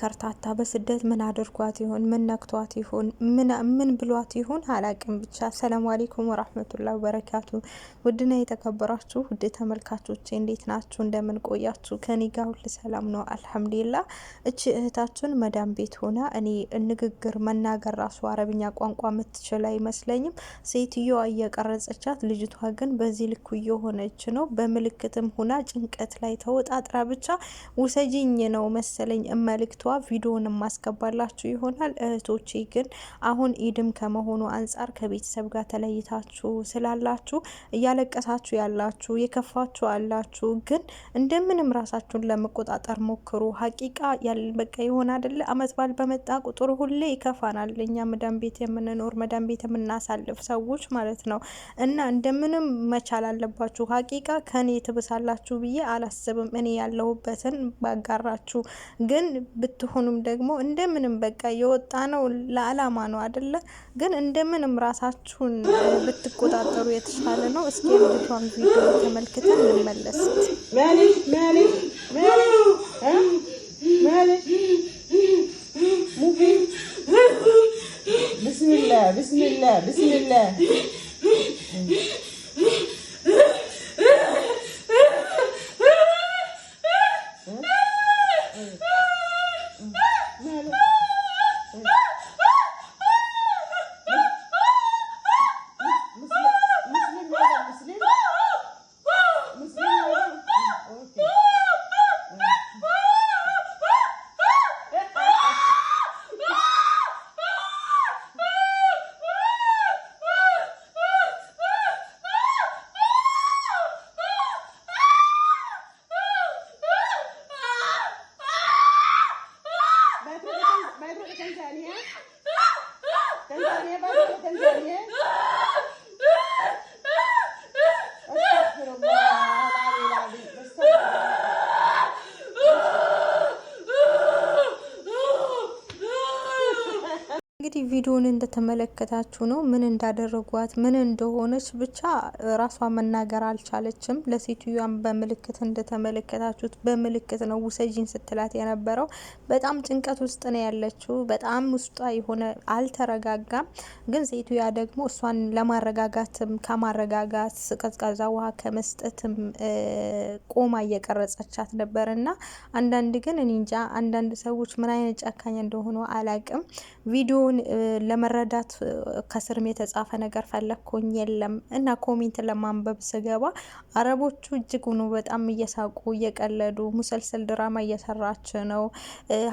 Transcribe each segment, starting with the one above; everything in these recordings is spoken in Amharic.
ከርታታ በስደት ምን አድርጓት ይሆን? ምን ነክቷት ይሆን? ምን ብሏት ይሆን? አላቅም ብቻ። ሰላም አሌይኩም ወራህመቱላ ወበረካቱ። ውድና የተከበራችሁ ውድ ተመልካቾች እንዴት ናችሁ? እንደምን ቆያችሁ? ከኔ ጋር ሁሉ ሰላም ነው አልሐምዱሊላ። እቺ እህታችን መዳም ቤት ሆና እኔ ንግግር መናገር ራሱ አረብኛ ቋንቋ የምትችል አይመስለኝም። ሴትዮዋ እየቀረጸቻት፣ ልጅቷ ግን በዚህ ልኩ እየሆነች ነው። በምልክትም ሆና ጭንቀት ላይ ተወጣጥራ ብቻ ውሰጅኝ ነው መሰለኝ መልክቷ ቪዲዮን ማስገባላችሁ ይሆናል። እህቶቼ ግን አሁን ኢድም ከመሆኑ አንጻር ከቤተሰብ ጋር ተለይታችሁ ስላላችሁ እያለቀሳችሁ ያላችሁ የከፋችሁ አላችሁ። ግን እንደምንም ራሳችሁን ለመቆጣጠር ሞክሩ። ሀቂቃ በቃ ይሆን አደለ አመት በዓል በመጣ ቁጥር ሁሌ ይከፋናል። እኛ መዳን ቤት የምንኖር መዳን ቤት የምናሳልፍ ሰዎች ማለት ነው እና እንደምንም መቻል አለባችሁ። ሀቂቃ ከኔ ትብሳላችሁ ብዬ አላስብም። እኔ ያለሁበትን ባጋራችሁ ግን ብትሆኑም ደግሞ እንደምንም በቃ የወጣ ነው ለአላማ ነው አደለ? ግን እንደምንም ራሳችሁን ብትቆጣጠሩ የተሻለ ነው። እስኪ የልጅቷን ቪዲዮ ተመልክተን እንመለስ። ብስሚላ ብስሚላ ብስሚላ ቪዲዮን እንደተመለከታችሁ ነው። ምን እንዳደረጓት ምን እንደሆነች ብቻ ራሷ መናገር አልቻለችም። ለሴትዮዋን በምልክት እንደተመለከታችሁት በምልክት ነው ውሰጂኝ ስትላት የነበረው። በጣም ጭንቀት ውስጥ ነው ያለችው። በጣም ውስጧ የሆነ አልተረጋጋም። ግን ሴትዮዋ ደግሞ እሷን ለማረጋጋትም ከማረጋጋት ቀዝቃዛ ውሃ ከመስጠትም ቆማ እየቀረጸቻት ነበር እና አንዳንድ ግን እኔ እንጃ አንዳንድ ሰዎች ምን አይነት ጨካኝ እንደሆኑ አላቅም ቪዲዮውን ለመረዳት ከስርም የተጻፈ ነገር ፈለግኩኝ የለም። እና ኮሜንት ለማንበብ ስገባ አረቦቹ እጅጉኑ በጣም እየሳቁ እየቀለዱ ሙሰልሰል ድራማ እየሰራች ነው፣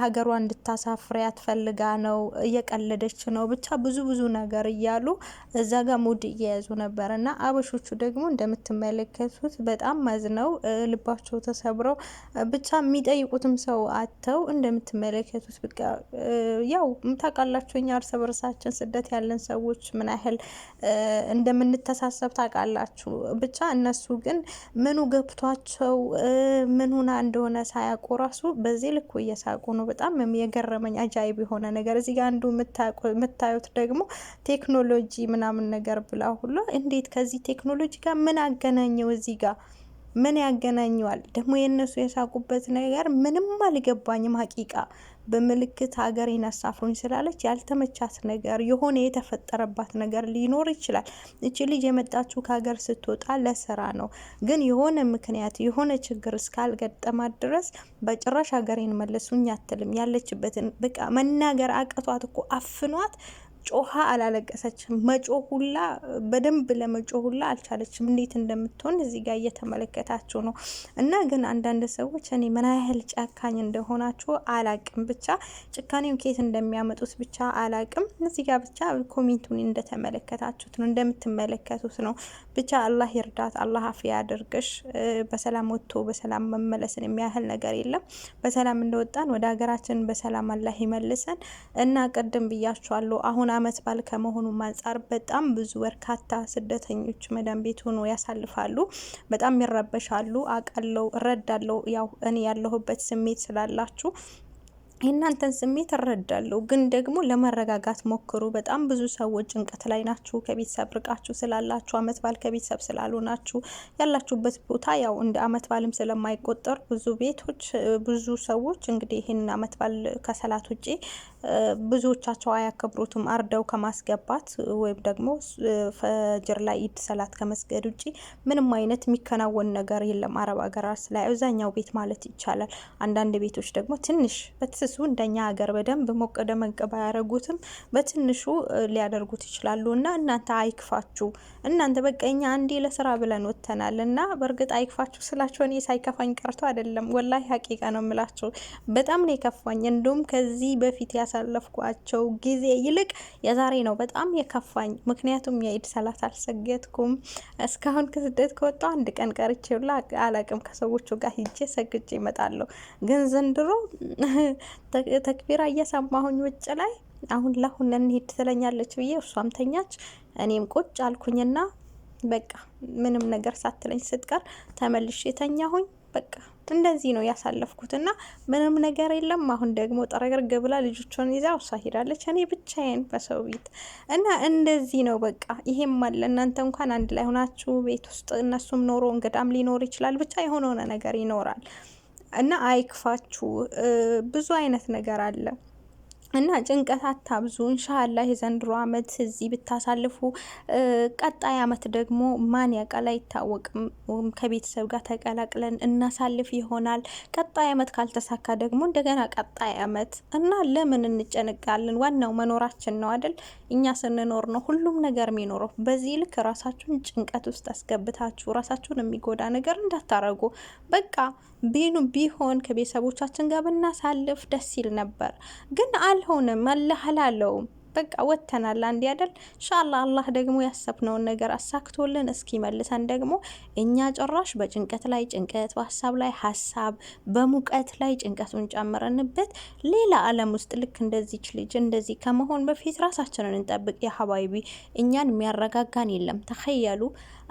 ሀገሯ እንድታሳፍሪያት ፈልጋ ነው፣ እየቀለደች ነው፣ ብቻ ብዙ ብዙ ነገር እያሉ እዛ ጋር ሙድ እየያዙ ነበር። እና አበሾቹ ደግሞ እንደምትመለከቱት በጣም መዝነው ልባቸው ተሰብረው ብቻ የሚጠይቁትም ሰው አጥተው እንደምትመለከቱት ያው ታውቃላችሁ እኛ እርስ በርሳችን ስደት ያለን ሰዎች ምን ያህል እንደምንተሳሰብ ታውቃላችሁ። ብቻ እነሱ ግን ምኑ ገብቷቸው ምኑና እንደሆነ ሳያውቁ ራሱ በዚህ ልኩ እየሳቁ ነው። በጣም የገረመኝ አጃይብ የሆነ ነገር እዚህ ጋር አንዱ የምታዩት ደግሞ ቴክኖሎጂ ምናምን ነገር ብላ ሁሉ እንዴት ከዚህ ቴክኖሎጂ ጋር ምን አገናኘው እዚህ ጋር ምን ያገናኘዋል? ደግሞ የእነሱ የሳቁበት ነገር ምንም አልገባኝም። ሀቂቃ በምልክት ሀገር አሳፍሩኝ ስላለች ያልተመቻት ነገር የሆነ የተፈጠረባት ነገር ሊኖር ይችላል። እች ልጅ የመጣችው ከሀገር ስትወጣ ለስራ ነው። ግን የሆነ ምክንያት የሆነ ችግር እስካልገጠማት ድረስ በጭራሽ ሀገሬን መለሱኝ አትልም። ያለችበትን በቃ መናገር አቅቷት እኮ አፍኗት ጮሃ አላለቀሰችም። መጮ ሁላ በደንብ ለመጮ ሁላ አልቻለችም። እንዴት እንደምትሆን እዚህ ጋር እየተመለከታችሁ ነው። እና ግን አንዳንድ ሰዎች እኔ ምን ያህል ጨካኝ እንደሆናችሁ አላቅም፣ ብቻ ጭካኔው ኬት እንደሚያመጡት ብቻ አላቅም። እዚህ ጋር ብቻ ኮሜንቱን እንደተመለከታችሁት ነው እንደምትመለከቱት ነው። ብቻ አላህ ይርዳት፣ አላህ አፍያ ያደርገሽ በሰላም ወጥቶ በሰላም መመለስን የሚያህል ነገር የለም። በሰላም እንደወጣን ወደ ሀገራችን በሰላም አላህ ይመልሰን እና ቅድም ብያችኋለሁ አሁን አመት በዓል ከመሆኑም አንጻር በጣም ብዙ በርካታ ስደተኞች መዳን ቤት ሆኖ ያሳልፋሉ። በጣም ይረበሻሉ። አቃለው እረዳለው። ያው እኔ ያለሁበት ስሜት ስላላችሁ የእናንተን ስሜት እረዳለሁ፣ ግን ደግሞ ለመረጋጋት ሞክሩ። በጣም ብዙ ሰዎች ጭንቀት ላይ ናችሁ፣ ከቤተሰብ ርቃችሁ ስላላችሁ፣ አመት ባል ከቤተሰብ ስላሉ ናችሁ። ያላችሁበት ቦታ ያው እንደ አመት ባልም ስለማይቆጠር ብዙ ቤቶች ብዙ ሰዎች እንግዲህ ይህንን አመት ባል ከሰላት ውጪ ብዙዎቻቸው አያከብሩትም። አርደው ከማስገባት ወይም ደግሞ ፈጅር ላይ ኢድ ሰላት ከመስገድ ውጭ ምንም አይነት የሚከናወን ነገር የለም አረብ ሀገራት ላይ አብዛኛው ቤት ማለት ይቻላል። አንዳንድ ቤቶች ደግሞ ትንሽ በትስሱ እንደኛ ሀገር በደንብ ሞቅ ደመቅ ባያደረጉትም በትንሹ ሊያደርጉት ይችላሉ። እና እናንተ አይክፋችሁ። እናንተ በቃ እኛ አንዴ ለስራ ብለን ወጥተናል እና በእርግጥ አይክፋችሁ ስላቸው እኔ ሳይከፋኝ ቀርቶ አይደለም፣ ወላሂ ሀቂቃ ነው የምላቸው። በጣም ነው የከፋኝ እንዲሁም ከዚህ በፊት ያሳ ካሳለፍኳቸው ጊዜ ይልቅ የዛሬ ነው በጣም የከፋኝ። ምክንያቱም የኢድ ሰላት አልሰገድኩም። እስካሁን ከስደት ከወጣሁ አንድ ቀን ቀርቼላ አላቅም። ከሰዎቹ ጋር ሂጄ ሰግጄ ይመጣለሁ። ግን ዘንድሮ ተክቢራ እየሰማሁኝ ውጭ ላይ አሁን ለሁን እንሂድ ትለኛለች ብዬ እሷም ተኛች፣ እኔም ቁጭ አልኩኝና በቃ ምንም ነገር ሳትለኝ ስትቀር ተመልሼ ተኛሁኝ በቃ እንደዚህ ነው እና ምንም ነገር የለም። አሁን ደግሞ ጠረገርግ ብላ ልጆቿን ይዛ ውሳ ሄዳለች። እኔ ብቻዬን በሰው ቤት እና እንደዚህ ነው በቃ። ይሄም አለ እናንተ እንኳን አንድ ላይ ሆናችሁ ቤት ውስጥ እነሱም ኖሮ እንግዳም ሊኖር ይችላል። ብቻ የሆነ ነገር ይኖራል እና አይክፋችሁ። ብዙ አይነት ነገር አለ። እና ጭንቀት አታብዙ። እንሻላ የዘንድሮ አመት እዚህ ብታሳልፉ ቀጣይ አመት ደግሞ ማን ያቃል አይታወቅም። ከቤተሰብ ጋር ተቀላቅለን እናሳልፍ ይሆናል። ቀጣይ አመት ካልተሳካ ደግሞ እንደገና ቀጣይ አመት እና ለምን እንጨንቃለን? ዋናው መኖራችን ነው አይደል? እኛ ስንኖር ነው ሁሉም ነገር የሚኖረው። በዚህ ልክ ራሳችሁን ጭንቀት ውስጥ አስገብታችሁ ራሳችሁን የሚጎዳ ነገር እንዳታረጉ በቃ ቢኑ ቢሆን ከቤተሰቦቻችን ጋር ብናሳልፍ ደስ ይል ነበር፣ ግን አልሆነም። አላህ በቃ ወተናል አንድ ያደል ኢንሻአላህ አላህ ደግሞ ያሰብነውን ነገር አሳክቶልን እስኪመልሰን ደግሞ እኛ ጭራሽ በጭንቀት ላይ ጭንቀት፣ በሀሳብ ላይ ሀሳብ፣ በሙቀት ላይ ጭንቀቱን ጨምረንበት ሌላ ዓለም ውስጥ ልክ እንደዚች ልጅ እንደዚህ ከመሆን በፊት ራሳችንን እንጠብቅ። የሀባይቢ እኛን የሚያረጋጋን የለም። ተኸያሉ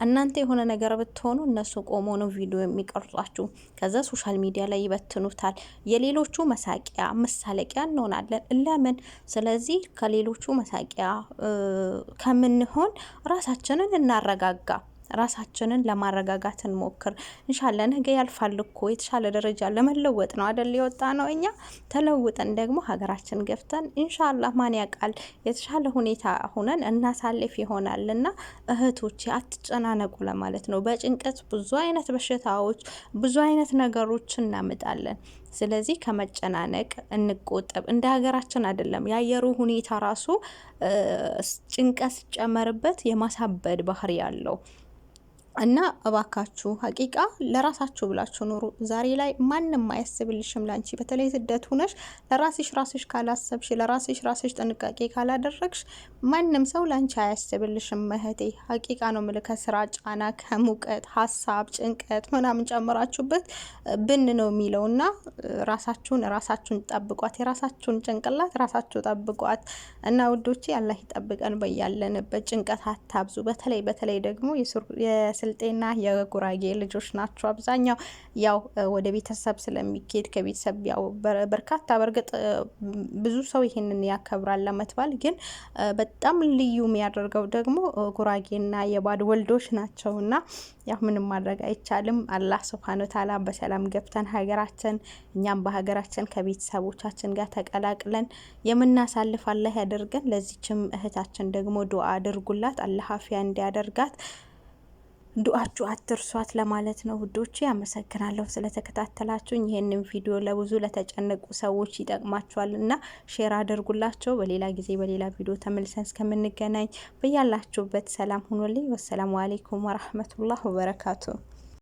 እናንተ የሆነ ነገር ብትሆኑ እነሱ ቆሞ ነው ቪዲዮ የሚቀርጿችሁ። ከዛ ሶሻል ሚዲያ ላይ ይበትኑታል። የሌሎቹ መሳቂያ መሳለቂያ እንሆናለን። ለምን ስለዚህ ከሌሎ የሌሎቹ መሳቂያ ከምንሆን ራሳችንን እናረጋጋ። ራሳችንን ለማረጋጋት እንሞክር። እንሻለ ነገ ያልፋል እኮ የተሻለ ደረጃ ለመለወጥ ነው አደል የወጣ ነው። እኛ ተለውጠን ደግሞ ሀገራችን ገብተን እንሻላ ማን ያውቃል የተሻለ ሁኔታ ሁነን እናሳልፍ ይሆናል። እና እህቶች አትጨናነቁ ለማለት ነው። በጭንቀት ብዙ አይነት በሽታዎች፣ ብዙ አይነት ነገሮች እናምጣለን። ስለዚህ ከመጨናነቅ እንቆጠብ። እንደ ሀገራችን አይደለም የአየሩ ሁኔታ ራሱ ጭንቀት ሲጨመርበት የማሳበድ ባህሪ ያለው እና እባካችሁ ሀቂቃ ለራሳችሁ ብላችሁ ኑሩ። ዛሬ ላይ ማንም አያስብልሽም ላንቺ። በተለይ ስደት ሁነሽ ለራስሽ ራስሽ ካላሰብሽ፣ ለራስሽ ራስሽ ጥንቃቄ ካላደረግሽ ማንም ሰው ላንቺ አያስብልሽም እህቴ። ሀቂቃ ነው የምልህ። ከስራ ጫና፣ ከሙቀት፣ ሀሳብ፣ ጭንቀት ምናምን ጨምራችሁበት ብን ነው የሚለው እና ራሳችሁን ራሳችሁን ጠብቋት፣ የራሳችሁን ጭንቅላት ራሳችሁ ጠብቋት እና ውዶቼ አላህ ይጠብቀን በያለንበት። ጭንቀት አታብዙ። በተለይ በተለይ ደግሞ የስ የስልጤና የጉራጌ ልጆች ናቸው። አብዛኛው ያው ወደ ቤተሰብ ስለሚኬድ ከቤተሰብ ያው በርካታ በእርግጥ ብዙ ሰው ይህንን ያከብራል ለመትባል ግን በጣም ልዩ የሚያደርገው ደግሞ ጉራጌና የባድ ወልዶች ናቸው እና ያው ምንም ማድረግ አይቻልም። አላህ ስብሃነ ወተዓላ በሰላም ገብተን ሀገራችን እኛም በሀገራችን ከቤተሰቦቻችን ጋር ተቀላቅለን የምናሳልፍ አላህ ያደርገን። ለዚችም እህታችን ደግሞ ዱአ አድርጉላት አላህ አፊያ እንዲያደርጋት ዱአችሁ አትርሷት ለማለት ነው ውዶች። ያመሰግናለሁ ስለተከታተላችሁኝ። ይህንን ቪዲዮ ለብዙ ለተጨነቁ ሰዎች ይጠቅማችኋል እና ሼር አድርጉላቸው። በሌላ ጊዜ በሌላ ቪዲዮ ተመልሰን እስከምንገናኝ በያላችሁበት ሰላም ሁኑልኝ። ወሰላሙ አሌይኩም ወረህመቱላህ ወበረካቱ።